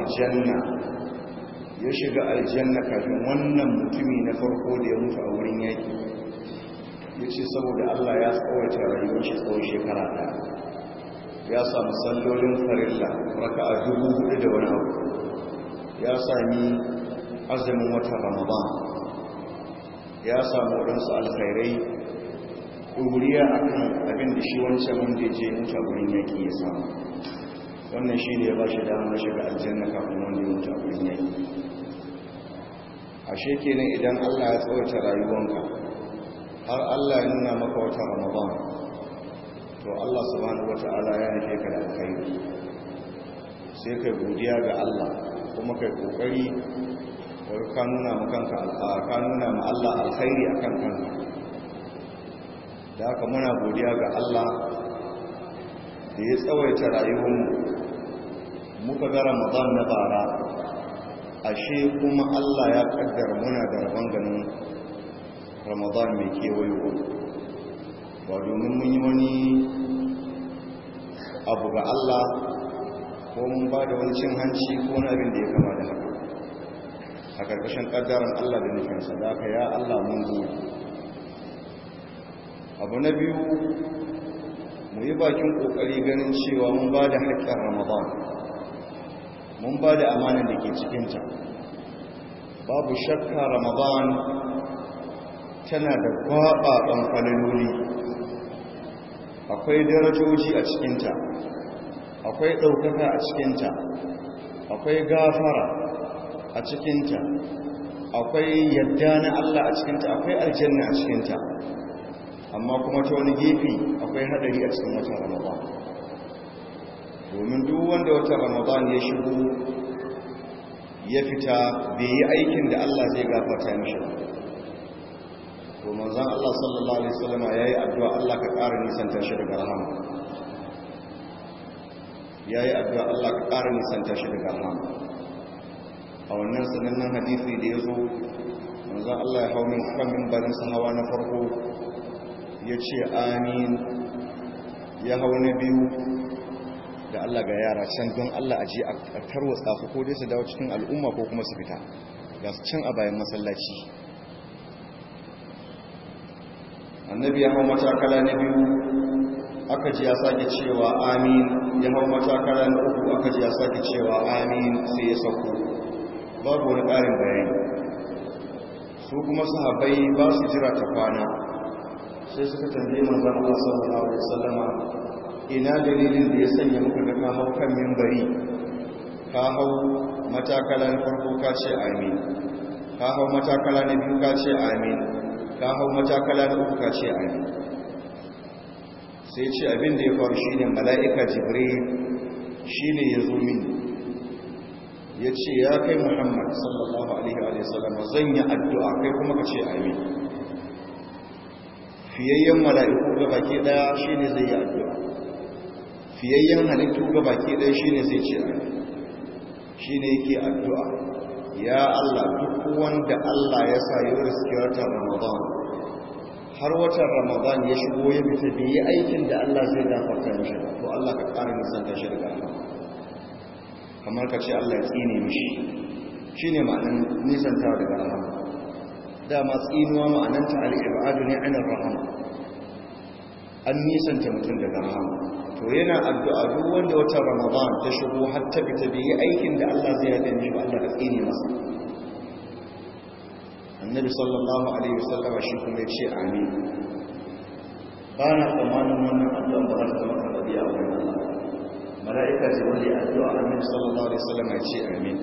aljanna ya shiga aljanna kafin wannan mutumi na farko da ya mutu a wurin yaki ya ce saboda Allah ya tsawaita rayuwar shi tsawon shekara ta ya samu sallolin farilla raka a dubu hudu da wani abu ya sami azumin wata ramadan ya samu waɗansu alkhairai ɗuriya a kan abin da shi wancan wanda ya je mutu a wurin yaki ya samu wannan shi ne ya ba shi damar shiga aljanna kafin wanda ya mutu a wurin yaki a shekenan idan allah ya tsawata rayuwanka har allah ya nuna maka wata ramadan to allah subhanahu ta'ala ya nufe ka da alkhairi sai kai godiya ga allah kuma kai kokari wani ka nuna ma kanka ka nuna ma allah alkhairi kan kanka da haka muna godiya ga allah da ya tsawaita rayuwarmu muka ga ramadan na bara ashe kuma Allah ya kaddara muna da rabon ganin ramadan mai kewayo ba domin mun yi wani abu ga Allah ko mun ba da wani cin hanci ko wani abin da ya kama da haka a ƙarƙashin ƙaddaran Allah da nufin sadaka ya Allah mun zo abu na biyu mu yi bakin ƙoƙari ganin cewa mun ba da haƙƙin ramadan mun ba da amanin da ke cikinta babu shakka ramadan tana da gwababan falaloli akwai darajoji a cikinta akwai ɗaukaka a cikinta akwai gafara a cikinta akwai yadda na Allah a cikinta akwai aljanna a cikinta amma kuma ta wani gefe akwai hadari a cikin wata ramadan domin duk wanda wata ramadan ya shigo ya fita bai yi aikin da Allah zai gafata mishi to manzon Allah sallallahu alaihi wasallam yayi addu'a Allah ka ƙara nisanta shi daga rahama yayi addu'a Allah ka ƙara nisanta shi daga rahama a wannan sanannen hadisi da ya zo manzon Allah ya hau min kan mimbarin sahawa na farko ya ce amin ya hau na biyu da Allah ga yara can don Allah a je a tarwatsa su ko dai su dawo cikin al'umma ko kuma su fita ga su can a bayan masallaci annabi ya hau matakala na biyu aka ji ya sake cewa amin ya hau matakala na uku aka ji ya sake cewa amin sai ya sauko babu wani ƙarin bayani su kuma su sahabai ba su jira ta kwana sai suka tambaye manzon Allah sallallahu alaihi wasallama ina dalilin da ya sanya muka daga kamar kan mimbari ka hau matakala na farko ka ce amin ka hau matakala na biyu ka ce amin ka hau matakala na uku ka ce amin sai ce abin da ya faru shi ne mala'ika jibril shi ne ya zo mini ya ce ya kai muhammad sallallahu alaihi wa sallam zan yi addu'a kai kuma ka ce amin fiyayyen mala'iku ga baki daya shi ne zai yi addu'a fiyayyen halittu ga baki ɗaya shi ne zai ce shi ne yake addu'a ya Allah duk wanda Allah ya sa yi riski watan ramadan har watan ramadan ya shigo ya fita bai yi aikin da Allah zai gafarta mishi to Allah ka ƙara nisanta shi daga Allah kamar ka ce Allah ya tsine mishi shi ne ma'anin ta daga Allah dama tsinuwa ta al'ibadu ne ainihin rahama an nisanta mutum daga rahama to yana addu'a duk wanda wata ramadan ta shigo har ta fita bai yi aikin da Allah zai yarda mishi ba Allah ka tsine masa annabi sallallahu alaihi wasallam shi kuma ya ce amin ba na tsammanin wannan addu'a ba za ta maka rabi a wurin Allah mala'ika ce wanda ya addu'a annabi sallallahu alaihi wasallam ya ce amin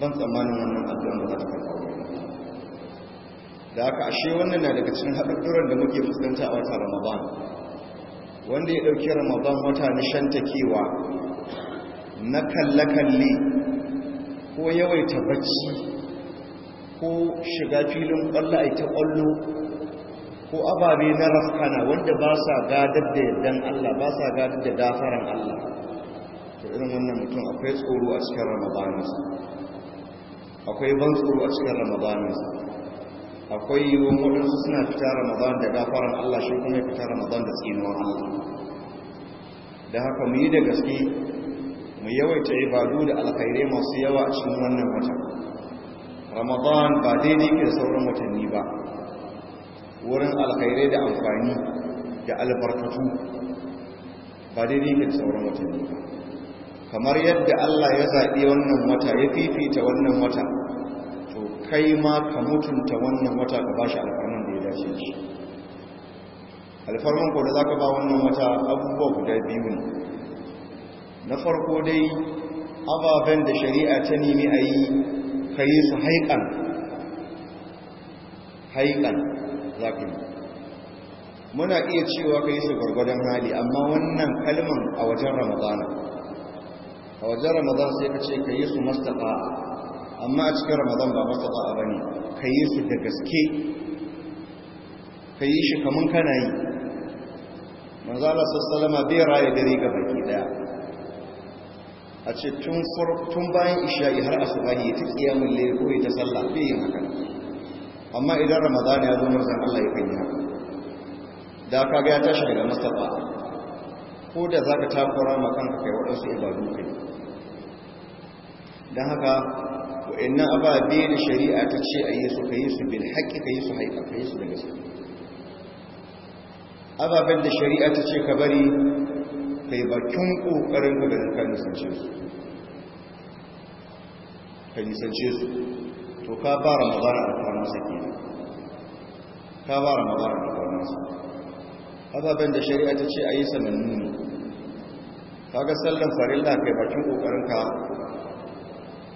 ban tsammanin wannan addu'a ba za ta maka rabi da aka ashe wannan na daga cikin haɗaɗɗuran da muke fuskanta a wata ramadan wanda ya ɗauki ramadan wata kewa na kalle-kalle ko yawaita bacci ko shiga filin ƙwallo a ita ƙwallo ko ababe na rafkana wanda ba sa gadar da yardan Allah ba sa gadar da gafaran Allah to irin wannan mutum akwai tsoro a cikin ramadanis akwai ban tsoro a cikin ramadanis akwai yiwuwar waɗansu suna fita ramadan da gafaran allah shi kuma ya fita ramadan da tsinuwar allah da haka mu yi da gaske mu yawaita ibadu da alkhairai masu yawa a cikin wannan wata ramadan ba daidai ke sauran watanni ba wurin alkhairai da amfani da albarkatu ba daidai ke sauran watanni ba kamar yadda allah ya zaɓi wannan wata ya fifita wannan wata kai ma ka mutunta wannan wata ka bashi alfarman da ya dace shi alfarman ko da za ka ba wannan wata abubuwa guda biyu ne na farko dai ababen da shari'a ta nemi a yi ka yi su haikan haikan za ka yi muna iya cewa ka yi su gwargwadon hali amma wannan kalman a wajen ramadana a wajen ramadana sai ka ce ka yi su mastaka amma a cikin ramadan ba mastata ba bane ka yi su da gaske ka yi shi kamun kana yi manzala sassalama bai raya dare ga baki daya a ce tun bayan isha'i har asubahi ya ta kiyamun laye ya ta sallah bai yin haka amma idan ramadan ya zo manzan allah ya kanya da ka ga ya tashi daga mustapha ko da za ka takura makon kai waɗansu ibadu kai don haka wa'annan ababe da shari'a ta ce a yi su ka yi su bin haƙƙi ka yi su haika ka yi su da gaske ababen da shari'a ta ce ka bari ka yi bakin ƙoƙarin ka ganin ka nisance su ka nisance su to ka ba ramadan alfarma sake ka ba ramadan alfarma sake ababen da shari'a ta ce a yi sanannu ne kaga sallan farilla kai bakin ƙoƙarin ka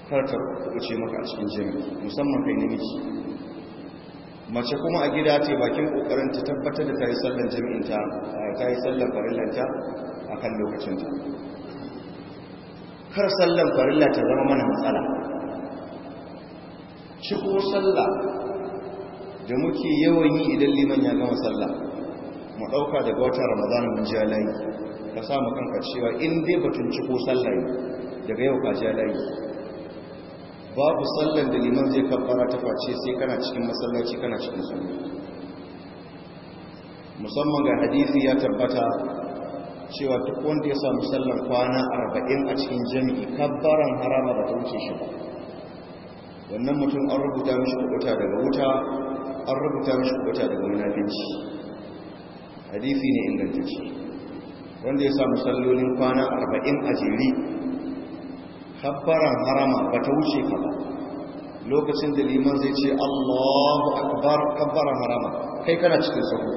karta kuɓuce maka a cikin jami'i musamman kai namiji mace kuma a gida ce bakin kokarin ta tabbatar da ta yi sallan jami'inta ta yi sallan farillanta a kan lokacinta kar sallan farilla ta zama mana matsala ciko sallah da muke yawan yi idan liman ya gama sallah mu ɗauka daga watan ramadan mun ji layi ka samu kanka cewa in dai batun ciko sallah daga yau ka ji layi babu sallar da liman zai kabbara ta face sai kana cikin masallaci kana cikin sunna musamman ga hadisi ya tabbata cewa duk wanda ya samu sallar kwana arba'in a cikin jami'i kabbaran harama ba ta wuce shi ba wannan mutum an rubuta mishi kubuta daga wuta an rubuta mishi kubuta daga munafici hadisi ne ingantacce wanda ya samu sallolin kwana arba'in a jere Kabbara harama ba ta wuce ka ba lokacin da liman zai ce allahu akbar kabbara harama kai kana cikin sahu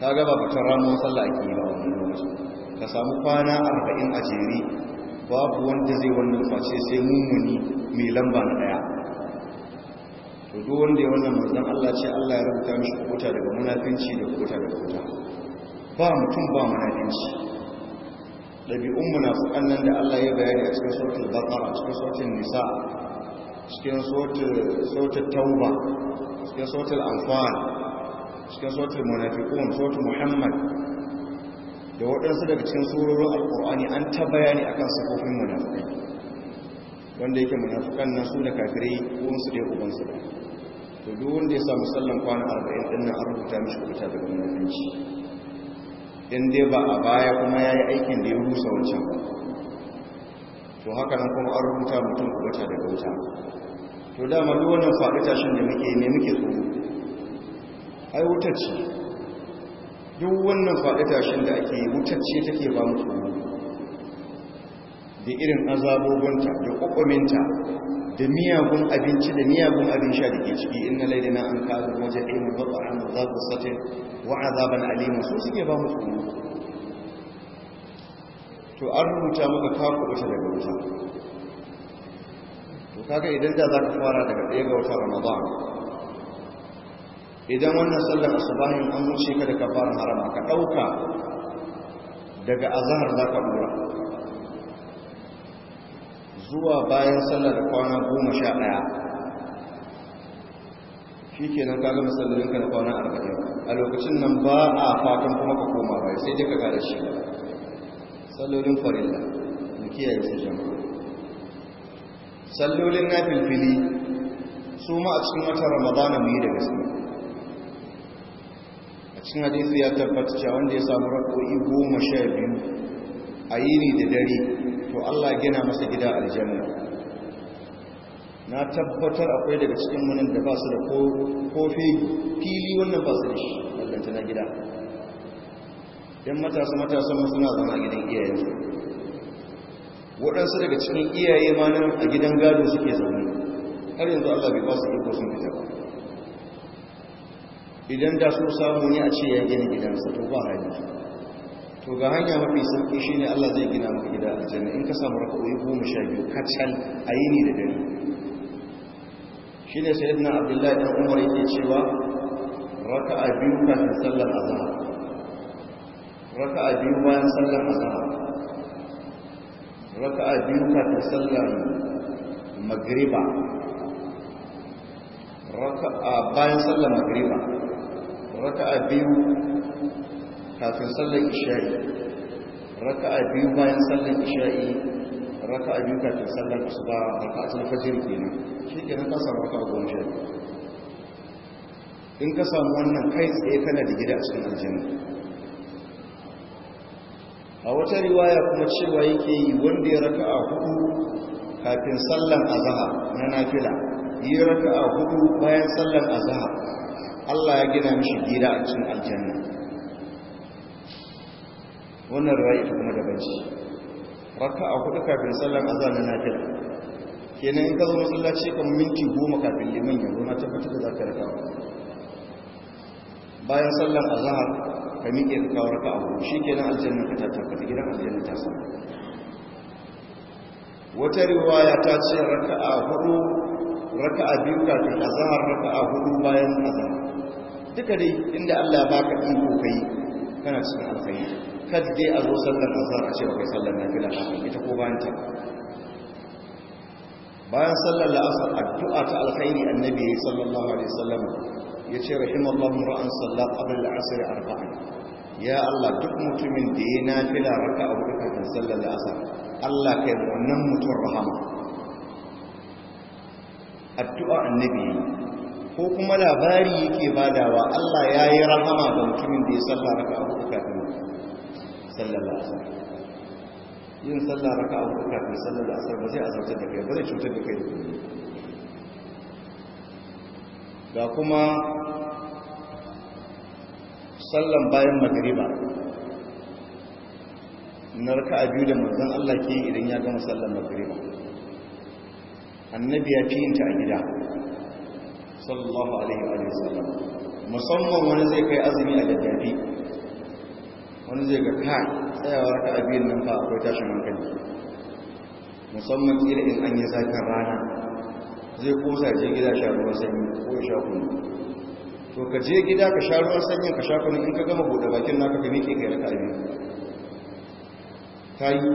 ta gaba ta ranar sallah ake yi ba wani lokaci ka samu kwana arba'in a jere babu wanda zai wannan face sai mummuni mai lamba na daya to duk wanda ya wannan manzon Allah ce Allah ya rubuta mishi kuta daga munafinci da kuta daga kuta ba mutum ba munafinci ɗabi'un munafukan nan da Allah ya bayani a cikin sautin a cikin sautin nisa cikin sautin tauba cikin sautin amfan cikin sautin munafiqun sautin muhammad da waɗansu daga cikin surorin alƙur'ani an ta bayani akan sifofin munafukai wanda yake munafukan nan su da kafirai uwan da dai ubansu da to duk wanda ya samu sallan kwana arba'in ɗin nan an rubuta mishi kuta daga munafunci. in dai ba a baya kuma ya yi aikin da ya rusa wancan ba to haka nan kuma an rubuta mutum kubata daga wuta to dama duk wannan faɗi tashin da muke ne muke tsoro ai wutar ce duk wannan faɗi tashin da ake wutar ce take ba mutum tsoro da irin azabobinta da kwakwaminta da miyagun abinci da miyagun abin sha da ke ciki inna na an kazu wajen ilmin zaɓa za zaɓa satin wa azaban alimin su suke ba mu tsoro to an rubuta maka kaku wata daga wuta to kaga idan da za ka fara daga ɗaya ga wata ramadan idan wannan sallar asubahin an wuce ka daga ka fara harama ka ɗauka daga azahar za ka ɓura. zuwa bayan sallar kwana goma sha ɗaya shi ke nan kaga masallarinka na kwana arba'in a lokacin nan ba a fatan kuma ka koma bai sai dai ka gada shi sallolin farilla da kiyaye su jama'a sallolin na filfili su ma a cikin wata ramadana mu yi da gaske a cikin hadisi ya tabbata cewa wanda ya samu rakoi goma sha biyu a yini da dare to Allah gina masa gida aljanna na tabbatar akwai daga cikin munin da ba su da kofi fili wannan ba su da shi ballanta na gida don matasa matasa masu na zama gidan su waɗansu daga cikin iyaye manar a gidan gado suke zaune har yanzu Allah bai ba su iko sun fita ba idan da su samu ne a ce ya gina gidansa to ba hali to ga hanya mafi sauki shine Allah zai gina maka gida a aljanna in ka samu raka'o'i goma sha biyu kacal a da dare shine sayyidina abdullahi dan umar yake cewa raka'a biyu kafin sallar azhar raka'a biyu bayan sallar azhar raka'a biyu kafin sallar magriba raka'a bayan sallar magriba raka'a biyu kafin sallar isha'i a biyu bayan sallar isha'i a biyu kafin sallar asuba raka'atul fajr kenan shi kenan ka samu a goma sha in ka samu wannan kai tsaye kana da gida a cikin aljanna a wata riwaya kuma cewa yake yi wanda ya raka a hudu kafin sallar azhar na nafila yi a hudu bayan sallar azhar Allah ya gina mishi gida a cikin aljanna wannan rayu ta kuma da shi raka a kudu kafin sallar azan na nafil kenan in ka zo masallaci kan minti goma kafin liman ya zo na tabbatar da za ka raka bayan sallar azahar, ka miƙe ka kawo raka a hudu shikenan aljanna ka ta ka gidan aljanna ta samu wata riwaya ta ce raka a hudu raka a biyu kafin azahar raka a hudu bayan azhar duka dai inda Allah ba baka iko kai kana cikin alkhairi kad dai a zo sallar asar a ce ba kai sallar nafila kafin ita ko bayan ta bayan sallar la'asar addu'a ta alkhairi annabi sallallahu alaihi wasallam ya ce rahimallahu ra'an sallar qabla al'asr arba'a ya Allah duk mutumin da ya fila raka uku kafin sallar la'asar Allah kai wannan mutum rahama addu'a annabi ko kuma labari yake badawa Allah ya yi rahama ga mutumin da ya sallar raka'a uku kafin sallar asar yin sallar raka a wuka kafin sallar da asar ba zai azabtar da kai ba zai cutar da kai da kuma ga kuma sallan bayan magariba na raka a biyu da mazan Allah ke idan ya gama sallar magariba annabi ya fi yin ta a gida sallallahu alaihi wa sallam musamman wani zai kai azumi a daddafi wani zai ga ka tsayawar ka abin nan ba akwai tashin hankali musamman tsira in an yi zafin rana zai kosa je gida sha ruwan sanyi ko ya sha kunu to ka je gida ka sha ruwan sanyin ka sha kunu in ka gama buɗe bakin naka ka miƙe ka yarka abin ta yi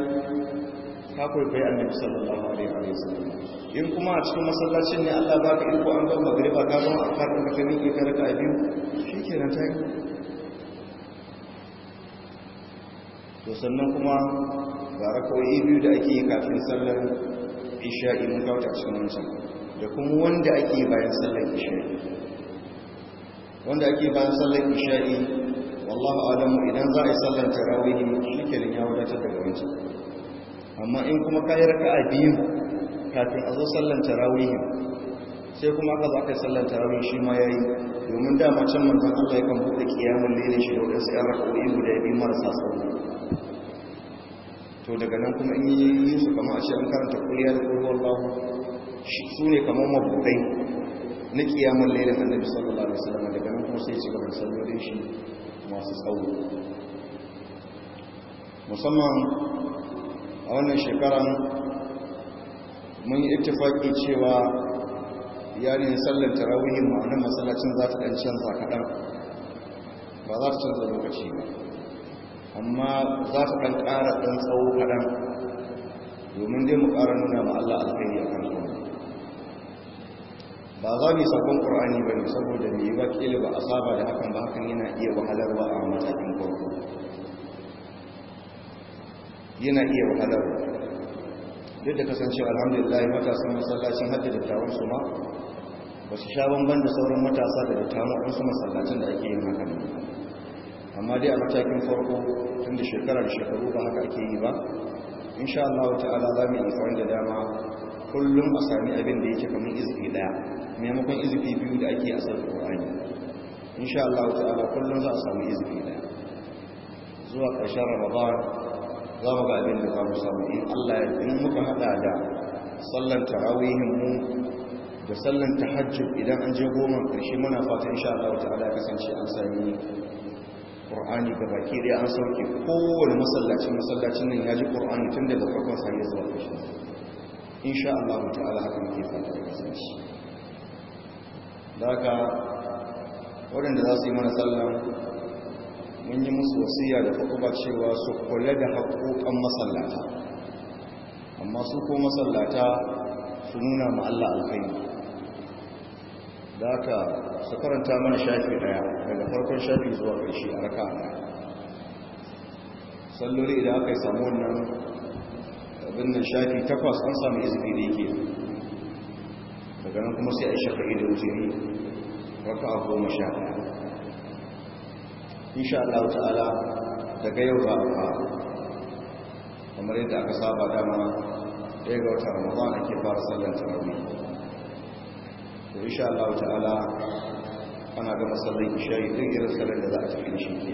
ta kwaifai annabi sallallahu alaihi wa sallam in kuma a cikin masallacin ne Allah ka iko an gama magriba ka zama a faɗin ka miƙe ka yarka ke nan ta yi to sannan kuma ga rakawai biyu da ake yi kafin sallar isha'i mun kauta cikin wancan da kuma wanda ake bayan sallar isha'i wanda ake bayan sallar isha'i wallahu alamu idan za a yi sallar tarawih shikenan ya wadatar da wancan amma in kuma ka yi raka'a biyu kafin a zo sallar tarawih sai kuma aka za ka yi sallar tarawih shi ma ya yi domin dama can manzan Allah ya kan buɗe kiyamun lele shi da wadansu ya raka'o'i guda biyu marasa sauri to daga nan kuma in yi yin su kama a shirin karanta kuliya da su ne kamar mabudai na kiyamun lailin annabi sallallahu alaihi wasallam daga nan kuma sai ci gaban shi masu tsawo musamman a wannan shekaran mun yi ittifaki cewa yarin sallar tarawihin ma'anar masallacin za ta dan canza kaɗan ba za ta canza lokaci ba amma za su kan ƙara ɗan tsawo kaɗan domin dai mu ƙara nuna ma Allah alkhairi a kan su ba za mu yi sabon ƙur'ani ba ne saboda mai ba ƙila ba a saba da hakan ba hakan yana iya wahalarwa a matakin farko yana iya wahalarwa duk da kasance alhamdulillah matasan masallacin hadda dattawan su ma ba su sha bamban da sauran matasa da dattawan wasu masallacin da ake yin hakan ne amma dai a matakin farko tun da shekara da shekaru ba haka ake yi ba insha Allah ta'ala za mu yi amfani da dama kullum a sami abin da yake kamar izini daya maimakon izini biyu da ake asar Qur'ani insha Allah ta'ala kullum za a sami izini daya zuwa ƙarshen Ramadan za mu ga abin da za mu samu in Allah ya in muka hada da sallan tarawihin mu da sallan tahajjud idan an je goma ƙarshe muna fata insha Allah ta'ala kasance an sami ƙur'ani ga baki ɗaya an sauke kowane masallacin masallacin nan ya ji ƙur'ani tun daga farkon sa zuwa in sha Allah ta'ala haka muke fata da kasance da waɗanda za su yi mana sallah mun yi musu wasiya da faɗuɓa cewa su kula da haƙoƙan masallata amma su ko masallata su nuna ma Allah alkhairi da aka su karanta mana shafi daya daga farkon shafi zuwa ƙarshe a raka salloli da aka yi samu wannan abin nan shafi takwas an samu izini da yake daga nan kuma sai a shafi idan jiri raka a goma sha insha Allah ta'ala daga yau za a fara kamar yadda aka saba dama ɗaya ga wata ramadan ake fara sallan tarawih to insha Allah ta'ala ana ga masallin ishari duk irin salar da za a cikin shi ke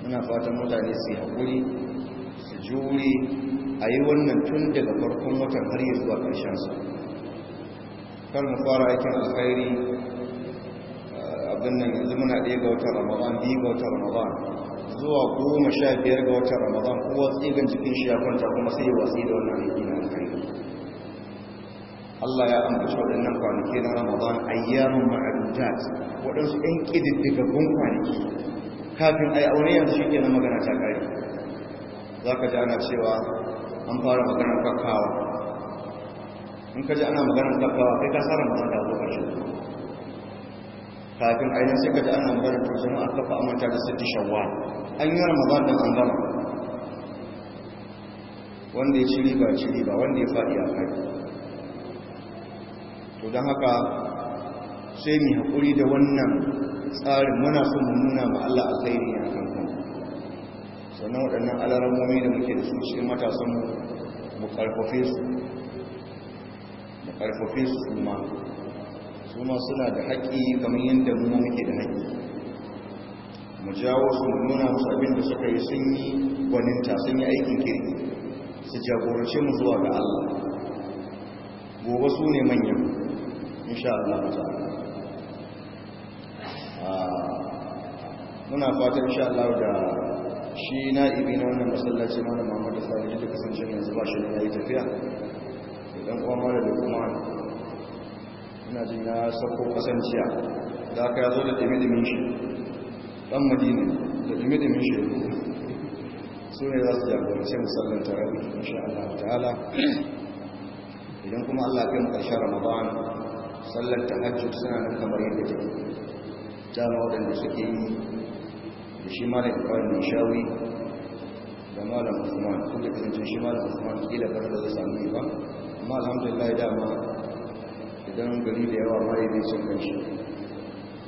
muna fatan mutane su yi haƙuri su juri a yi wannan tun daga farkon watan har yi zuwa ƙarshen su kar mu fara aikin alkhairi eh, abin nan yanzu muna ɗaya ga watan ramadan biyu ga watan ramadan zuwa goma sha biyar ga watan ramadan kowa tsigan jikin shi ya kwanta kuma sai ya watsi da wannan aiki na alkhairi Allah ya ambaci waɗannan kwanaki na Ramadan ayyamun ma'adujat waɗansu ɗan gun kwanaki kafin a yi aure yanzu shi na magana ta ƙari za ka ji ana cewa an fara maganar kakawa in ka ji ana maganar kakawa kai ka sa Ramadan da zo ƙarshe kafin a yi sai ka ji ana maganar to jama'a kafa amanta da sitti shawwa an yi Ramadan da an gama wanda ya ci ba ci ba wanda ya faɗi a faɗi to don haka sai mu haƙuri da wannan tsarin muna son mu nuna ma Allah ne a kan kan sannan waɗannan alarammomi da muke da su cikin matasan mu su mu su ma su ma suna da haƙƙi kamar yadda mu muke da haƙƙi mu jawo su mu nuna musu abin da suka yi sun yi gwaninta sun yi aikin kirki su jagorace mu zuwa ga Allah gobe su ne manyan sha Allah ta'ala ah, muna fatan sha Allah da shi na'ibi na wannan masallaci mana Muhammad Salihu da kasance yanzu ba shi na yi tafiya idan kuma mara da kuma ina jin ya sako kasanciya da aka yazo da dimi-dimin shi dan madina da dimi-dimin shi su ne za su sai musallin tarawih insha Allah ta'ala idan kuma Allah ya kai mu ƙarshen Ramadan sallar tahajjud suna nan kamar yadda take dama waɗanda suke yi da shi malam ibrahim bin shawi da malam usman duk da kasance shi malam usman kila bar da zai sami ba amma alhamdulillah dama idan gari da yawa ma yake cin kanshi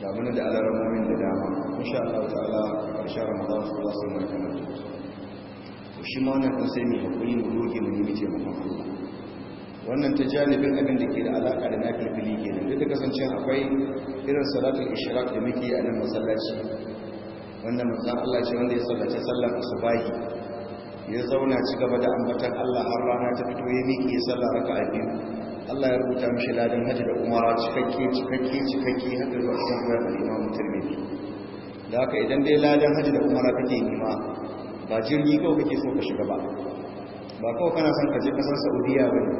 da muna da alaramomin da dama insha Allah ta'ala karshen ramadan su za su mana kamar shi ma wannan sai mu hakuri mu roke mu nemi taimakon Allah wannan ta janibin abin da ke da alaka da nafilfili ke nan duk da kasancin akwai irin salatul ishraq da muke a nan masallaci Wannan manzon Allah ce wanda ya sallace sallar asubahi ya zauna ci gaba da ambatar Allah har rana ta fito ya miƙe ya sallar raka'a biyu Allah ya rubuta mishi ladan hajji da umara cikakke cikakke cikakke haka zuwa cikin koyar da Imam Tirmidhi da haka idan dai ladan hajji da umara kake ma. ba jirgi kawai kake so ka shiga ba ba kawai kana son ka je kasar saudiya ba ne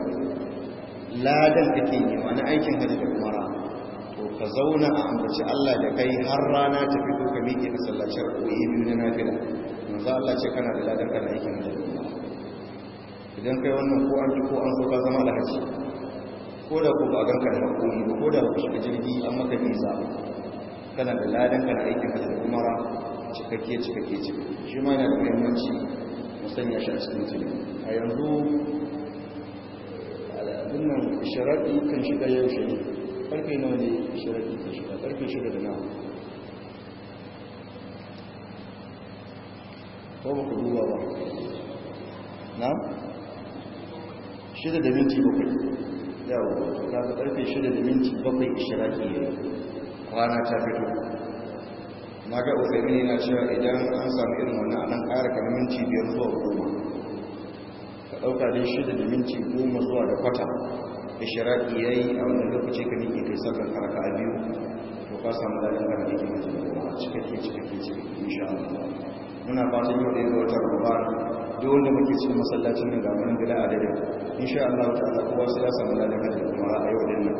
ladan ke nema na aikin hajji da rana to ka zauna a ambaci Allah da kai har rana ta fito ka miƙe ka sallaci rukuyi biyu na nafila za Allah ce kana da ladan kana aikin hajji da umara idan kai wannan ko an ko an so ka zama hajji ko da ko ba ganka da hukumi ba ko da ba shiga jirgi an maka nisa kana da ladan kana aikin hajji da rana cikakke cikakke cikakke shi ma yana da muhimmanci sanya shi a cikin jini a yanzu al'adun nan sharaɗi kan shiga yaushe ne ƙarfe nawa ne sharaɗi ke shiga ƙarfe shida da nawa ko ba ku duba ba na shida da minti bakwai yawo ta ƙarfe shida da minti bakwai shiraɗi ne kwana ta fito na ga usaimini na cewa idan an samu irin wani anan ƙara kan minti biyar zuwa goma ka ɗauka dai shida da minti goma zuwa da kwata da ya yi a wani lokaci ka ke kai sabon karaka a biyu to ka samu daɗin kan yake mai jama'a cikakke cikakke cikakke insha Allah muna fatan yau da ya wata rubar duk wanda muke cikin masallacin nan ga wani gida a dare sha Allah kowa sai ya samu daɗin kan kuma a yau din nan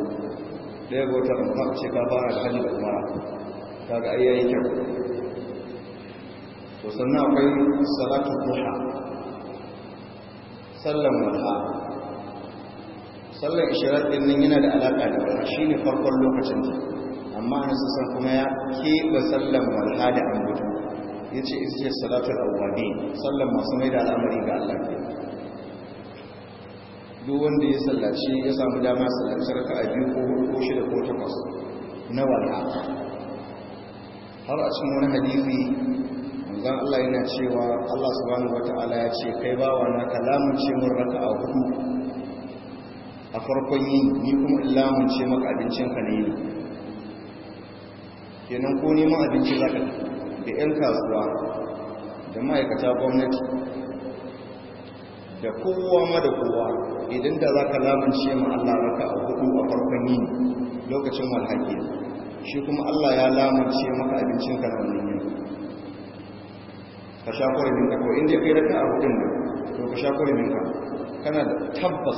ɗaya ga wata rubar ce ka fara kan da umara kaga ai yayi kyau to sannan akwai salatu duha sallan wata sallan ishirar din nan yana da alaƙa da shi ne farkon lokacin ta amma an san kuma ya keɓe sallan wata da an gudu, ambato yace ita salatul awwabin sallan masu mai da al'amari ga Allah ke duk wanda ya sallaci ya samu dama sarka a biyu ko ko shida ko takwas na wata har a cikin wani hadisi manzon Allah yana cewa Allah subhanahu wataala ya ce kai ba wa na kalamun ce mun a hudu a farkon yi ni kuma ilamun ce maka abincin ka ne kenan ko neman abincin zaka da yan kasuwa da ma'aikata gwamnati da kowa ma da kowa idan da za ka ce ma Allah raka a hudu a farkon yi lokacin walhaki. shi kuma Allah ya lamarce maka abincin ka nan yau? ka sha kurumin ka ko inda kai raka a hudun da to ka sha kurumin ka kana da tabbas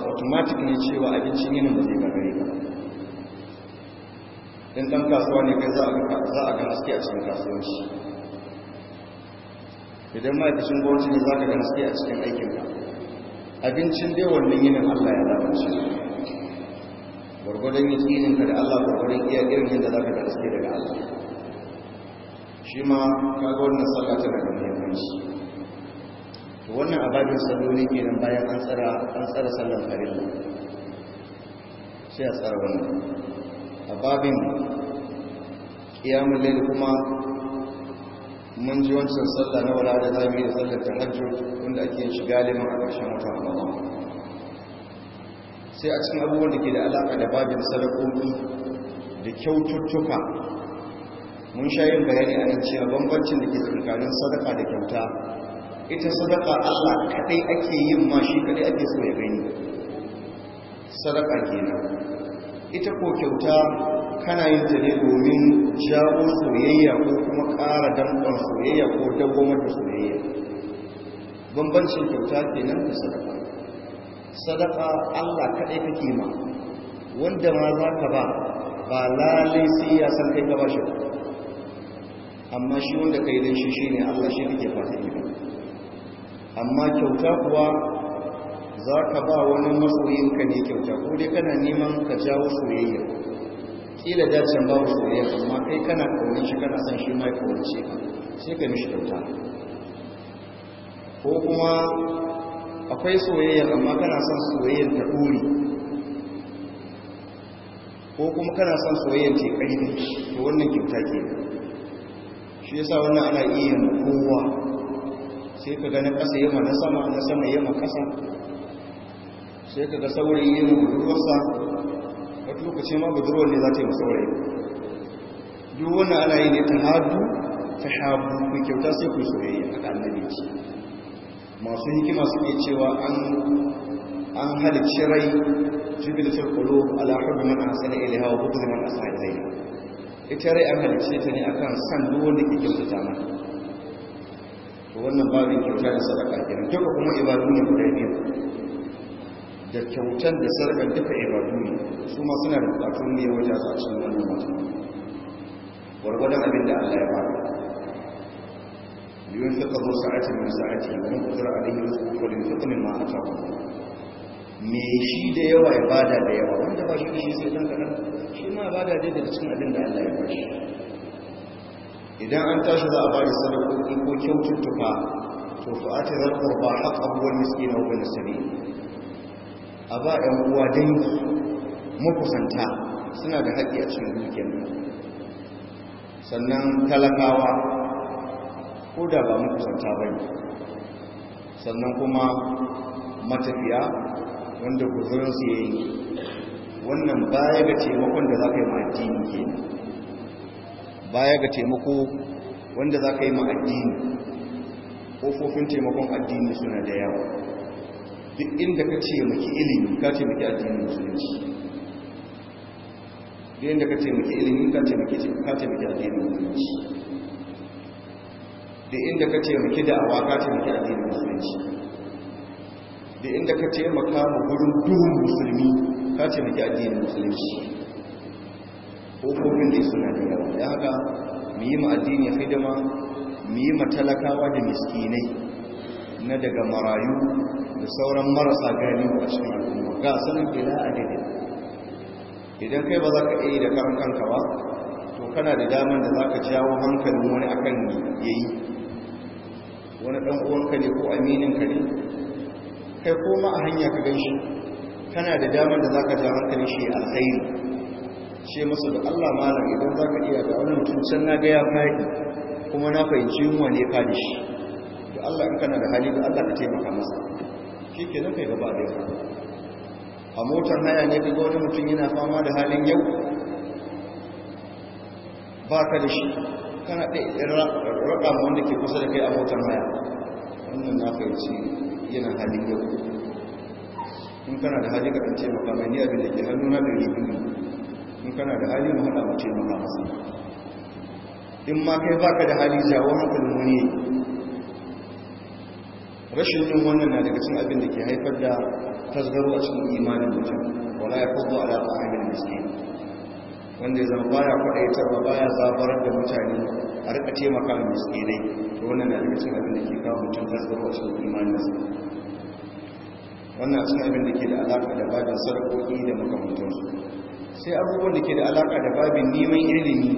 ne cewa abincin yinin ba zai gare ka ɗin ɗan kasuwa ne kai za a ga haske a cikin kasuwanci idan ma'aikacin gwamnati ne za ka ga haske a cikin aikinka abincin dai wannan yinin Allah ya lamarce gwargwadon yakinin ka da Allah gwargwadon iya irin yadda za ka da gaske daga Allah shi ma kaga wannan sallah tana da muhimmanci to wannan ne ke kenan bayan an tsara an tsara sallar farilla sai a tsara wannan ababin qiyamul kuma mun ji wancan sallah na wala da zamu yi da sallar tahajjud wanda ake shiga liman a ƙarshen wata Ramadan sai a cikin abubuwan da ke da alaƙa da babin sadakoki da kyaututtuka mun sha yin bayani a nan cewa bambancin da ke tsakanin sadaka da kyauta ita sadaka Allah kadai ake yin ma shi kadai ake so ya gani sadaka kenan ita ko kyauta kana yin ta ne domin jawo soyayya ko kuma ƙara danƙon soyayya ko dabbomar da soyayya bambancin kyauta kenan da sadaka sadaka Allah kaɗai kake ma wanda ma za ka ba ba lalai sai ya san kai ka ba shi amma shi wanda yi don shi ne Allah shi kake fata yi ba amma kyauta kuwa za ka ba wani masoyinka ne kyauta ko dai kana neman ka jawo soyayya kila da can babu soyayya amma kai kana kaunin shi kana san shi mai kaunce ka sai ka mishi kyauta ko kuma akwai soyayyar amma kana son soyayyar ta dore ko kuma kana son soyayyar ce ƙarfi to wannan kyauta ke shi yasa wannan ana iya kowa sai ka ga na ƙasa yamma na sama na sama yamma ƙasa sai ka ga saurayi yin budurwarsa wata lokaci ma budurwar ne za ta yi saurayi duk wannan ana yi ne ta hadu ta habu mai kyauta sai ku soyayya a ƙannabi ce masu hikima suke cewa an halicci rai jubilatul qulub ala hubbi man ahsana ilaiha wa bughdi a sa-zai. ita rai an halicci ta ne akan san duwan da ke ta mata to wannan babu kyauta da sadaka kenan duka kuma ibadu ne guda biyu da kyautan da sarkar duka ibadu ne su masu suna da bukatun ne wajen zacin wannan wata. gwargwadon abin da Allah ya bada ينفق ذو ساعة من ساعته ومن قدر عليه رزقه فلينفق مما آتاه me shi da yawa ya bada da yawa wanda ba shi shi sai dan kadan shi ma bada dai da cikin abin da Allah ya bashi idan an tashi za a bari sadakoki ko kyaututtuka to fa ati zal qurba haqqahu wal miskin wa ibn sabil a ba ɗan uwa dangi makusanta suna da haƙƙi a cikin dukiyar sannan talakawa ko da ba makusanta ba ne sannan kuma matafiya wanda guzurinsu ya yi wannan baya ga taimakon da za ka yi ma'addini ke baya ga taimako wanda za ka yi ma'addini ƙofofin taimakon addini suna da yawa duk inda ka taimaki ilimi ka taimaki addinin musulunci duk inda ka taimaki ilimi ka taimaki addinin musulunci da inda ka taimaki awa ka taimaki addinin musulunci da inda ka taimaka ma gurin duhun musulmi ka taimaki addinin musulunci hukumin da suna da yawa da haka mu yi ma addini hidima mu yi ma talakawa da miskinai na daga marayu da sauran marasa gani a cikin al'umma ga sanin bila adadin idan kai ba za ka iya da karan kanka ba to kana da daman da za ka jawo hankalin wani akan yayi wani ɗan uwanka ne ko amininka ne kai koma a hanya ka ganshi kana da damar da za ka ja hankali shi alkhairi ce masa da Allah malam idan ka iya ga wani mutum can na gaya ya kuma na fahimci yunwa ne ka shi da Allah in kana da hali da Allah ka taimaka masa shi ke nan kai gaba da a motar haya ne ga wani mutum yana fama da halin yau ba ka da shi kana da raka ma wanda ke kusa da kai a motar haya wannan na fahimci yana halin yau in kana da hali ka taimaka mai ni abin da ke hannu na ɗari biyu in kana da hali mu haɗa mu taimaka masa in ma kai baka da hali jawo hankalin wani rashin yin wannan na daga cin abin da ke haifar da tasgaro a cikin imanin mutum wala ya kuzo ala ta'amin miskin wanda ya zama baya kwaɗaitarwa baya zabarar da mutane a rika taimaka wa miskinai ta wannan na daga cikin abin da ke kawo mutum tasgaro a cikin imaninsa wannan cikin abin da ke da alaƙa da babin sarƙoƙi da makamantarsu sai abubuwan da ke da alaƙa da babin neman ilimi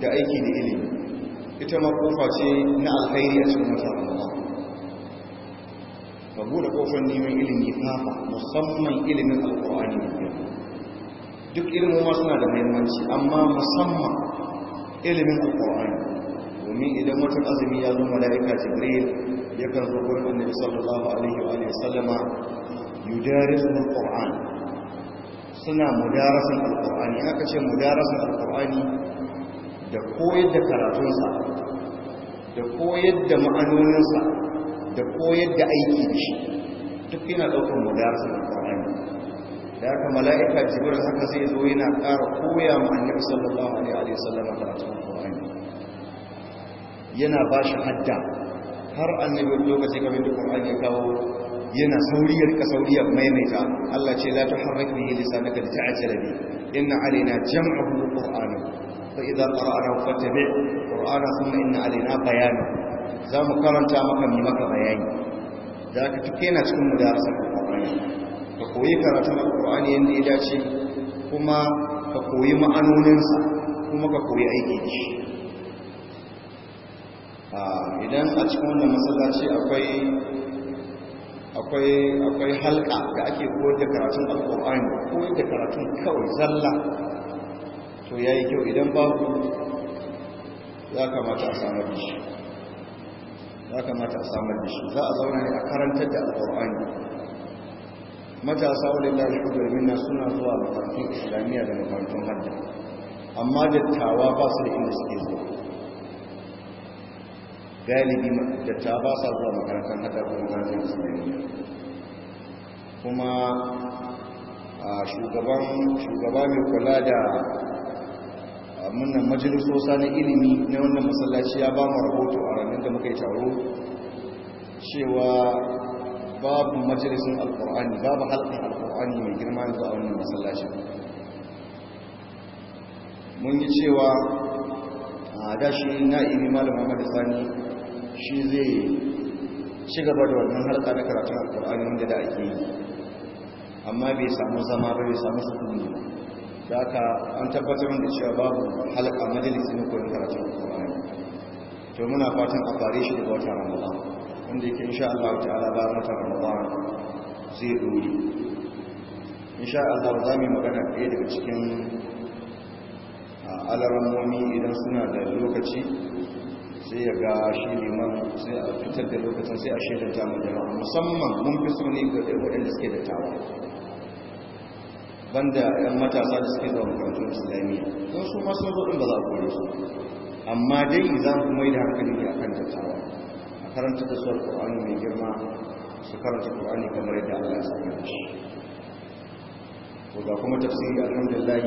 da aiki da ilimi ita ma ce na alhairi a cikin wata ba ka buɗe kofar neman ilimi fafa musamman ilimin alƙur'ani da biyar duk ilmoma suna da muhimmanci amma musamman ilimin alkur'ani domin idan watan azumi ya zo mala'ika jibril yakan zo gurin annabi sallallahu alaihi wa sallama al alkur'an suna al alkur'ani aka ce al alkur'ani da koyar da karatunsa da koyar da ma'anoninsa da koyar da aiki da shi duk yana ɗaukar al alkur'ani da aka mala'ika jibril haka sai zo yana ƙara koya ma annabi sallallahu alaihi wasallam karatun qur'ani yana ba shi hadda har annabi lokaci kamar da qur'ani ya kawo yana sauriyar ka sauriyar maimaita Allah ce la tuharrik bihi lisanaka lita'jala bi inna alaina jam'ahu qur'ana fa idza qara'nahu fattabi' qur'ana thumma inna bayani. Za mu karanta maka mi maka bayani da ka tuke na cikin mudarasa qur'ani ka koyi karatun alkur'ani yadda ya dace kuma ka koyi ma'anoninsa kuma ka koyi aiki ne shi ah, idan a cikin wannan masallaci akwai akwai akwai halka da ake koyar da karatun alkur'ani koyar da karatun kawai zalla to ya yi kyau idan babu ya kamata a samar da shi ya kamata a samar da shi za a zauna ne a karantar da alkur'ani matasa wadanda shugar minna suna zuwa mafarkin islamiyya da mafarkin hajji amma dattawa ba su da inda suke zuwa galibi dattawa ba su zuwa makarantar hadda ko makarantar islamiyya kuma shugaba mai kula da munnan majalisosa na ilimi na wannan masallaci ya ba mu rahoto a ranar da muka yi taro cewa babu majalisun alkur'ani babu halka alkur'ani mai girma yanzu a wannan masallacin mun yi cewa a dashi na iri malam muhammadu sani shi zai ci gaba da wannan harka na karatun alkur'ani wanda da ake yi amma bai samu zama ba bai samu sukuni da aka an tabbatar da cewa babu halka majalisun alkur'ani to muna fatan a fare shi da wata ramadan wanda yake insha Allah ta'ala ba mata Ramadan zai dore insha Allah za mu magana ɗaya daga cikin alarammomi idan suna da lokaci sai ya ga shi liman sai a fitar da lokacin sai a shirya ta jama'a musamman mun fi so ne ga waɗanda suke da tawa banda ɗan matasa da suke zuwa kwanton islamiyya don su masu zo ɗin ba za a kore su amma dai za mu mai da hankali ne a kan tattawa karanta da suwar ƙorani mai girma su karanta ƙorani kamar yadda allah ya sanya shi ko ga kuma tafsiri alhamdulillah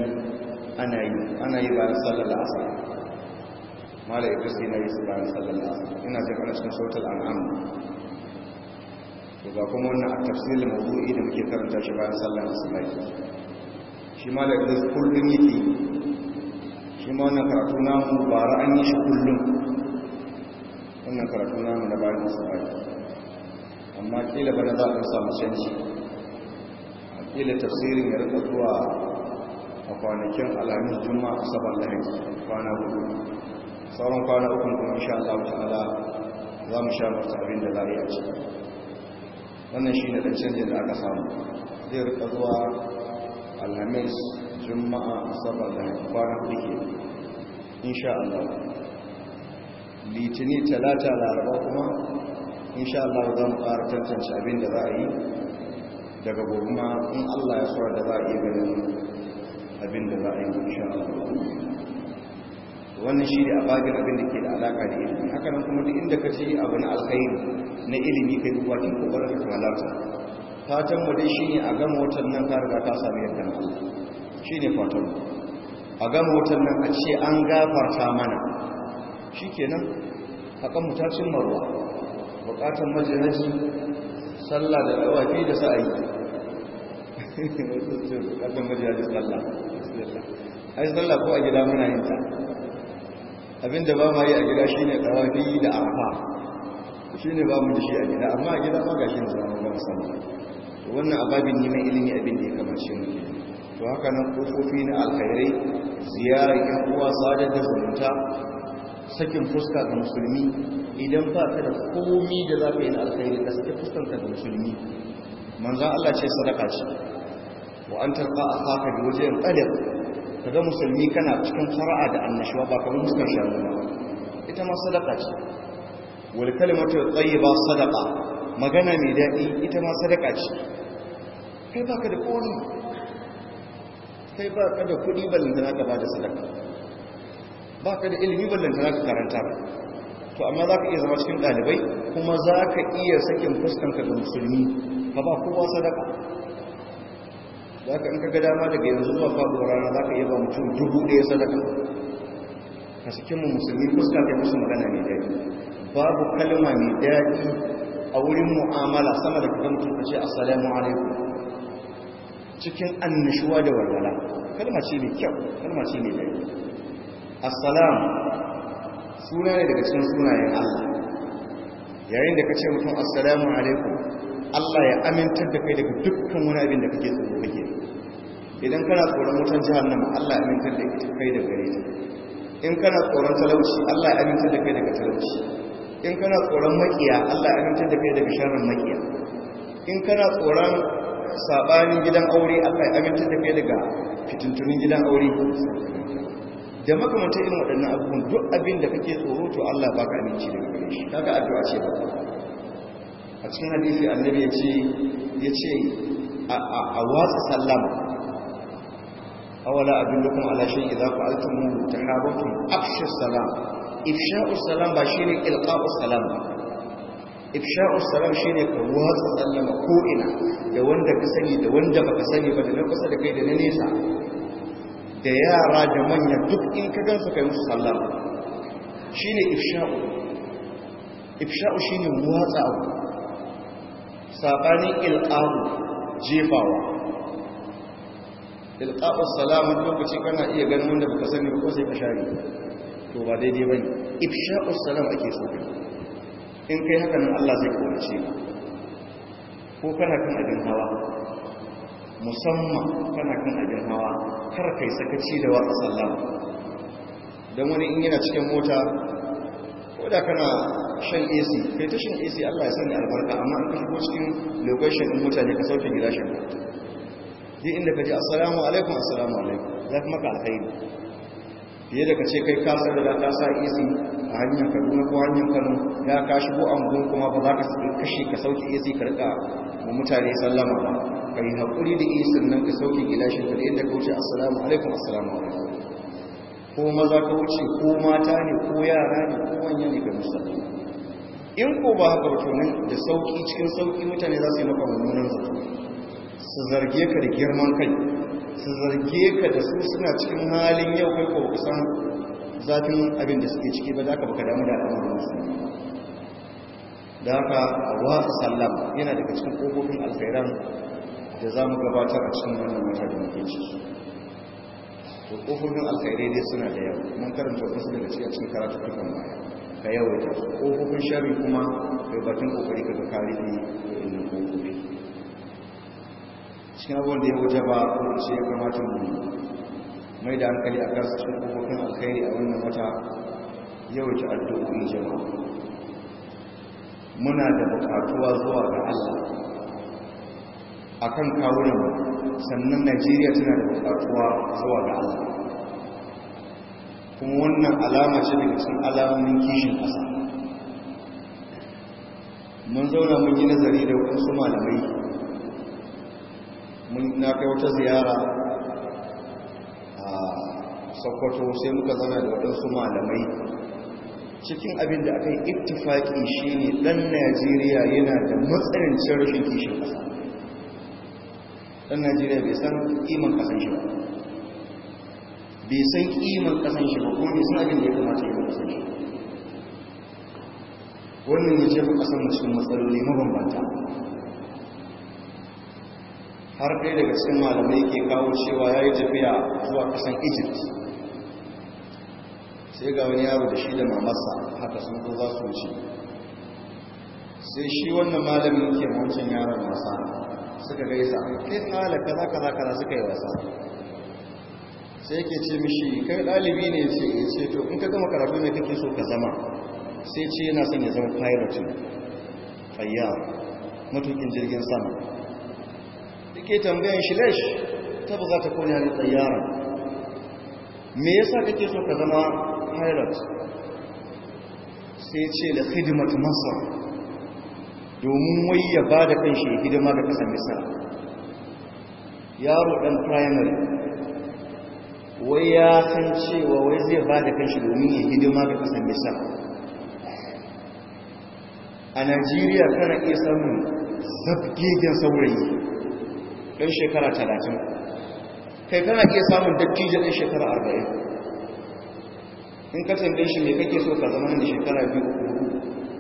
ana yi ana yi bayan sallar asar mala idris na yi su bayan sallar asa, ina jin kana cikin sautar an'am ko ga kuma wannan a tafsirin mawdu'i da muke karanta shi bayan sallar asar shi mala idris kullum yi shi ma wannan karatu namu ba ra'ayi shi kullum wannan karatu mu na bayan samari amma kila da za a samu canji kila tafsirin ya rika zuwa a kwanakin alhamis juma'a asabar lahadi kwana hudu sauran kwana uku kuma insha Allah ta'ala za mu sha mutu abin da za a yi a ciki wannan shi ne ɗan canjin da aka samu zai rika zuwa alhamis juma'a asabar lahadi kwana hudu ke insha Allah litini talata laraba kuma insha Allah za mu tantance abin da za a yi daga gurma, in Allah ya tsora da za a yi ganin abin da za a yi insha Allah wannan shi ne a bagin abin da ke da alaka da ilimi haka nan kuma duk inda ka ce abu na alkhairi na ilimi kai kuma kin kokarin ka halarta fatan mu dai shine a gama watan nan ka riga ka sami na. Allah shine fatan mu a gama watan nan a ce an gafarta mana shi kenan haƙan mutacin marwa buƙatar majalisi sallah da ɗawafi da sa'ayi buƙatar majalaci sallah yi sallah ko a gida muna yin ta da ba ma yi a gida shi ne ɗawafi da amma shi ne ba mu da shi a gida amma a gida ba ga shi ne zama mu sallah wannan ababin neman ilimi abin da ya kamace mu to haka nan kofofi na alkhairai ziyarar yan uwa sadar da zumunta sakin fuska ga musulmi idan ba ka da komi da za ka yi na alkhairi ka sakin fuskanka ga musulmi manzan Allah ce sadaka ce wa an tarba a haka da wajen ƙadar ka ga musulmi kana cikin fara'a da annashuwa ba kamar fuskar shanu ba ita ma sadaka ce wal kalimatu tayyiba sadaka magana mai daɗi ita ma sadaka ce kai ka da komi kai ka da kuɗi da ka ba da sadaka ba ka da ilimi ballanta za ka karanta ba, to amma za ka iya zama cikin ɗalibai kuma za ka iya sakin fuskanka da musulmi ka ba kowa sadaka za ka in ka gada ma daga yanzu zuwa faɗuwar rana za ka iya ba mutum dubu ɗaya sadaka Ka sakin mu musulmi fuska kai musu magana mai daɗi babu kalma mai daɗi a wurin mu'amala sama da kuma mutum ce assalamu alaikum cikin annashuwa da walwala kalma ce mai kyau kalma ce mai daɗi assalam suna ne daga cikin sunayen Allah yayin da ka ce mutum assalamu alaikum Allah ya amintar da kai daga dukkan wani abin da kake tsoro kake idan kana tsoron jihar jahannama Allah ya amintar da kai daga gare ta in kana tsoron talauci Allah ya amintar da kai daga talauci in kana tsoron makiya Allah ya amintar da kai daga sharrin makiya in kana tsoron sabanin gidan aure Allah ya amintar da kai daga fitintunin gidan aure da makamata irin waɗannan abubuwan duk abin da kake tsoro to Allah ba ka aminci daga gare shi kaga addu'a ce ba a cikin hadisi annabi ya ce ya ce a watsa sallama awala abin da kuma ala shayi idza fa'altum tahabatum afshu salam ifsha'u salam ba shine ilqa'u salam ba ifsha'u salam shine ka watsa sallama ko ina da wanda ka sani da wanda baka sani ba da na kusa da kai da na nesa da yara da manya duk in ka gansu kai musu sallama shine ifsha'u ifsha'u shine watsa abu sabanin ilqa'u jefawa ilqa'u salamun lokaci kana iya ganin wanda baka sani ba ko sai ka share to ba daidai bane ifsha'u salam ake so in kai haka nan Allah zai kawace ka ko kana kan abin hawa musamman kana kan abin hawa kar kai sakaci da wata sallah. don wani in yana cikin mota ko da kana shan ac kai ta shan ac allah ya sani albarka amma an kashi ko cikin lokacin mota ne ka sauke gida shan duk inda ka ji assalamu alaikum assalamu alaikum za ka maka alkhairi fiye da ka ce kai kasa da ta sa isi a hanyar Kaduna ko hanyar Kano ya ka shigo gun kuma ba za ka kashe ka sauki isi ka rika mu mutane sallama ba ka yi haƙuri da isi nan ka sauki gilashin ka da yadda ka wuce assalamu alaikum assalamu alaikum ko maza ka wuce ko mata ne ko yara ne ko manya ne ga musulmi in ko ba haka ba nan da sauki cikin sauki mutane za su yi maka mummunan zato su zarge ka da girman kai su zarge ka da su suna cikin halin yau kai ko kusan zafin abin da suke ciki ba za ka baka damu da al'amuran su da haka su sallam yana daga cikin ƙofofin alfairan da za mu gabatar a cikin wannan wata da muke ciki to kofofin alfairai dai suna da yawa mun karanta wasu daga cikin karatu tukan baya ka yawaita ƙofofin shari kuma bai batun kokari ka ga ne cikin abubuwan da ya wuce ba shi ya kamata mu mai da hankali a kasu cikin kofofin alkhairi a wannan wata yawaita addu'o'in jama'a muna da bukatuwa zuwa ga Allah akan kawunan sannan Najeriya tana da bukatuwa zuwa ga Allah kuma wannan alama ce daga cikin alamomin kishin ƙasa mun zauna mun yi nazari da wasu malamai mun na kai wata ziyara a sokoto sai muka zana da waɗansu malamai cikin abin da aka yi ittifaki ne ɗan najeriya yana da matsayin rashin kishin ƙasa ɗan najeriya bai san iman ƙasan shi ba bai san iman ƙasan shi ba kuma bai san abin da ya kamata yi ƙasan shi wannan ya ce ba ƙasan cikin matsaloli mabambanta har ɗaya daga cikin malamai ke kawo cewa ya yi tafiya zuwa ƙasan egypt sai ga wani yaro da shi da mamasa haka sun ko za su wuce sai shi wannan malamin ke wancan yaron wasa suka gaisa kai tsala kaza kaza kaza suka yi wasa sai ke ce mishi kai ɗalibi ne ce ya ce to in ka gama karatu ne kake so ka zama sai ce yana son ya zama pilot fayyar matukin jirgin sama kake tambayan shi lesh ta ba za ta kone hannun tsayyara me yasa kake so ka zama pilot sai ce da hidimat masa domin wai ya ba da kan shi hidima ga kasar misa yaro ɗan primary wai ya san cewa wai zai ba da kan shi domin ya hidima ga kasar misa a najeriya kana iya samun zafi gegen saurayi ɗan shekara talatin kai kana iya samun dattijo ɗan shekara arba'in in ka tambaye shi mai kake so ka zama da shekara biyu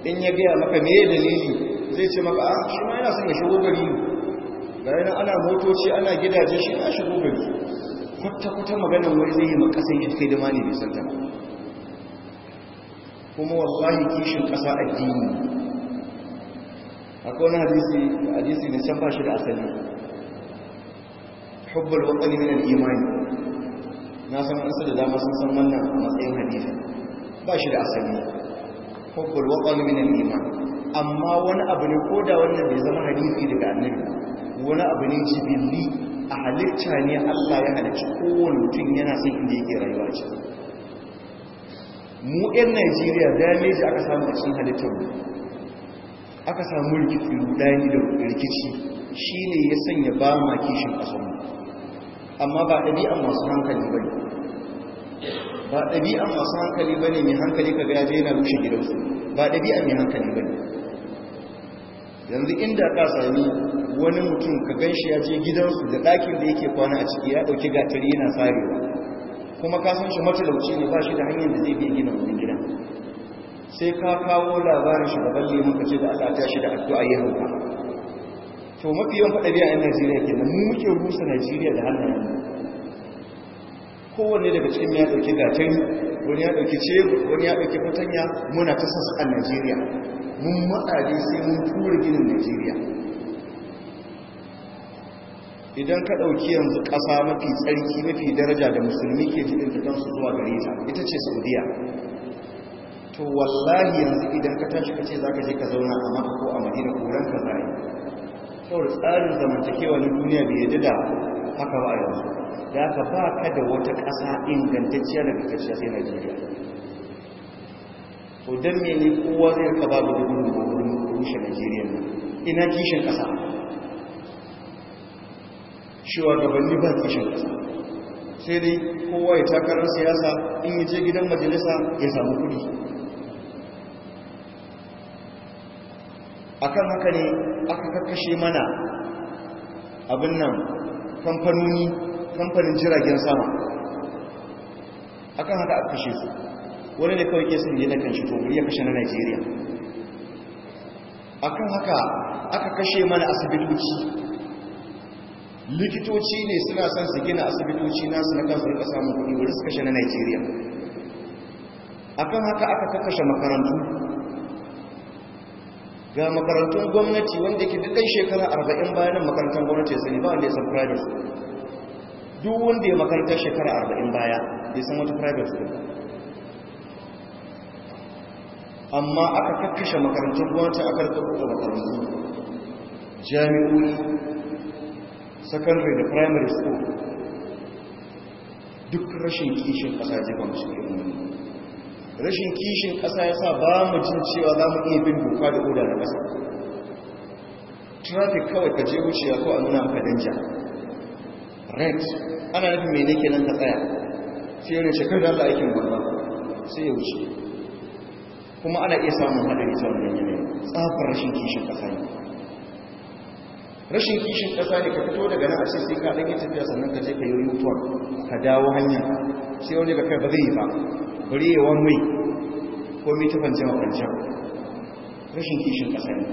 in ya gaya maka me ya dalili zai ce maka a shi ma yana son ya shigo gari ga yana ana motoci ana gidaje shi ma shigo gari kwata-kwata maganin wani zai yi makasan ya kai da ne bai santa kuma wallahi kishin ƙasa addini akwai wani hadisi hadisi can ba shi da asali hubbul watsani min al-imani na san wasu da dama sun san wannan a matsayin hadisi ba shi da asali hubbul watsani min al-imani amma wani abu ne ko da wannan bai zama hadisi daga annabi wani abu ne jibilli a halitta ne Allah ya halicci kowane mutum yana son inda yake rayuwa ce mu 'yan najeriya dameji aka samu a cikin halittar mu aka samu rikici da rikici shi ne ya sanya ba shi kishin sama. amma ba ɗabi'an masu hankali ba ba ɗabi'an masu hankali ba ne mai hankali ka ga yaje yana rushe gidansu ba ɗabi'an mai hankali ba ne yanzu inda ka sami wani mutum ka gan shi ya je gidansu da ɗakin da yake kwana a ciki ya ɗauki gatari yana sarewa kuma ka san shi matalauci ne ba shi da hanyar da zai bi gina wani gidan sai ka kawo labarin shugaban balle maka ce da aka tashi shi da addu'a ya hauka to mafi yawan faɗa a 'yan najeriya ke nan muke rusa najeriya da yanzu kowanne daga cikin ya ɗauki gatan wani ya ɗauki ce wani ya ɗauki fatanya muna ta a najeriya mun maɗaɗe sai mun tura ginin najeriya idan ka ɗauki yanzu ƙasa mafi tsarki mafi daraja da musulmi ke jiɗin fitansu zuwa gare ta ita ce saudiya to wallahi yanzu idan ka tashi ka ce za ka je ka zauna a maka ko a madina ko ran ka zai saboda tsarin zamantakewa na duniya da ya da haka ba a yanzu da aka ba ka da wata ƙasa ingantacciya da kashe sai najeriya to don ne kowa zai ka ba da da wurin rushe najeriya ne ina kishin ƙasa shiwa gabanni ba kishin ƙasa sai dai kowa ya takarar siyasa in yi je gidan majalisa ya samu kudi akan haka ne aka kakkashe mana abin nan kamfanoni kamfanin jiragen sama akan haka aka kashe su wani ne kawai kesin ne na kan shi tobiri ya kashe na nigeria akan haka aka kashe mana asibitoci likitoci ne suna son su gina asibitoci nasu na kansu rika samun kudi wuri su kashe na nigeria akan haka aka kakkashe makarantu ga makarantun gwamnati wanda ke dukkan shekara arba'in bayan makarantar gwamnati sani ba wanda ya san private school duk wanda ya makarantar shekara arba'in baya ya san wata private school amma aka kakkashe makarantun gwamnati aka rika buɗe makarantu jami'o'i secondary da primary school duk rashin kishin ƙasa jikon su irin rashin kishin ƙasa ya sa ba mu jin cewa za mu iya bin doka da oda na ƙasa traffic kawai ka je wuciya ko a nuna maka danja red ana nufin mai ne nan ta tsaya sai yana shekar da Allah aikin gurba sai ya wuce kuma ana iya samun haɗari ta wannan yanayi tsafin rashin kishin ƙasa ne rashin kishin ƙasa ne ka fito daga nan a ce sai ka ɗan yi tafiya sannan ka je ka yi mutuwa ka dawo hanya sai wani ga kai ba zai yi ba kurewan mai komi ta kwance-kwance rashin kishin ƙasa ne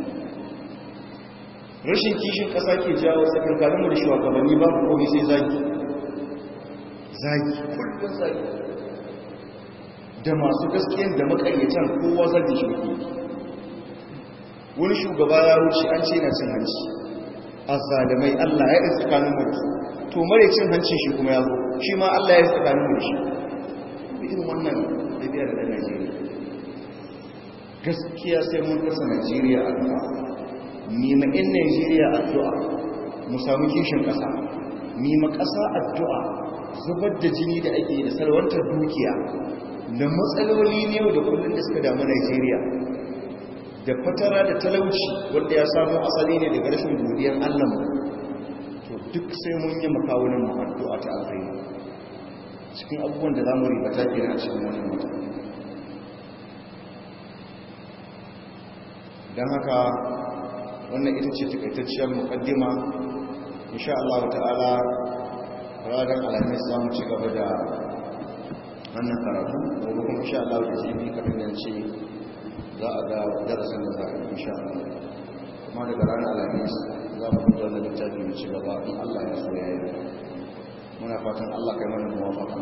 rashin kishin ƙasa ke jawo tsakankaninmu da shugabanni ba ku komi sai zagi zagi kullum zagi da masu gaskiyar da makayyatan kowa zagi shi wani shugaba ya wuce an ce na cin hanci a zalimai allah ya yi tsakanin da to mara cin hancin shi kuma ya zo shi ma allah ya yi tsakaninmu da shi dubi irin wannan ɗabi'ar da najeriya gaskiya sai mun kasa najeriya a kuma nima najeriya addu'a mu samu kishin ƙasa nima ƙasa addu'a zubar da jini da ake da salwantar dukiya da matsaloli ne da kullum da suka damu najeriya da fatara da talauci wanda ya samu asali ne daga rashin godiyar allah to duk sai mun yi makawunan addu'a ta alkhairi cikin abubuwan da za mu ribata ke a cikin wani mutane, don haka wannan ita ce takaitacciyar mukaddima insha Allah ta'ala ranar alhamis za mu ci gaba da wannan karatu gobe kuma insha Allah da jibi kafin nan ce za a ga darasin da za a yi insha Allah kuma daga ranar alhamis za mu fito da littafi mu ci gaba in Allah ya so ya yi muna fatan Allah kai mana muwafaqa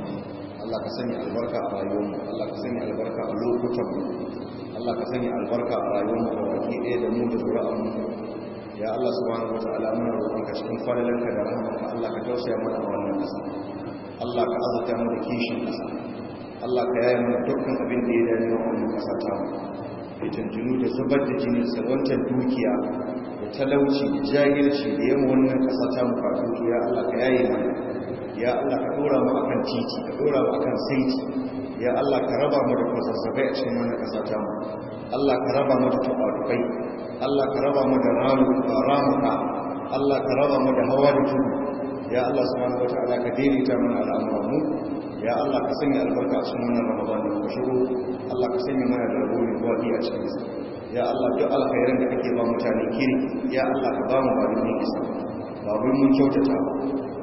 Allah ka sanya albarka a rayuwarmu Allah ka sanya albarka a lokutanmu Allah ka sanya albarka a rayuwarmu da baki ɗaya da mu da zura'anmu ya Allah subhanahu wataala muna ka cikin ka da rahmanka Allah ka tausaya mana a wannan ƙasa Allah ka azurta mu da kishin ƙasa Allah ka yaya mana dukkan abin da ya dame wa wannan ƙasa ta mu da zubar da jini dukiya da talauci da jahilci da yamma wannan ƙasa ta mu kafin ya Allah ka yaye mana ya Allah ka dora mu akan titi ka dora mu akan saiti ya Allah ka raba mu da kwasassabai a cikin wani ƙasa ta mu Allah ka raba mu da tabarukai Allah ka raba mu da ramuka Allah ka raba mu da hawa da tudu ya Allah subhanahu wataala ka daidaita mana al'amuran mu ya Allah ka sanya albarka a cikin wannan Ramadan da ka shigo Allah ka sanya mana da rabon gwadi a cikin sa ya Allah duk alkhairin da kake ba mutane kiri ya Allah ka ba mu ba da nisa ba mun kyautata ba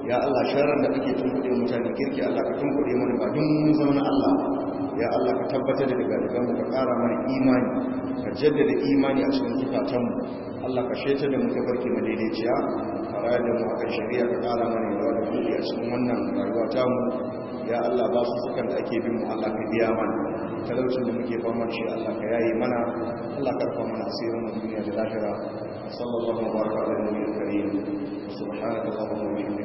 ya Allah sharar da ake tunkuɗe mutane kirki Allah ka tunkuɗe mana ba dun mun Allah ya Allah ka tabbatar da daga daga ka ƙara mana imani ka jaddada imani a cikin zukatanmu Allah ka shaita da muka barke mu daidaiciya a raya da mu akan shari'a ka ƙara mana yawa da kuɗi a cikin wannan rayuwa ta mu ya Allah ba su sukan da ake bin mu Allah ka biya mana talaucin da muke fama shi Allah ka yaye mana Allah ka rufa mana asirin mu duniya da lahira sallallahu alaihi wa sallam wa baraka ala nabiyil karim subhanaka allahumma wa bihamdika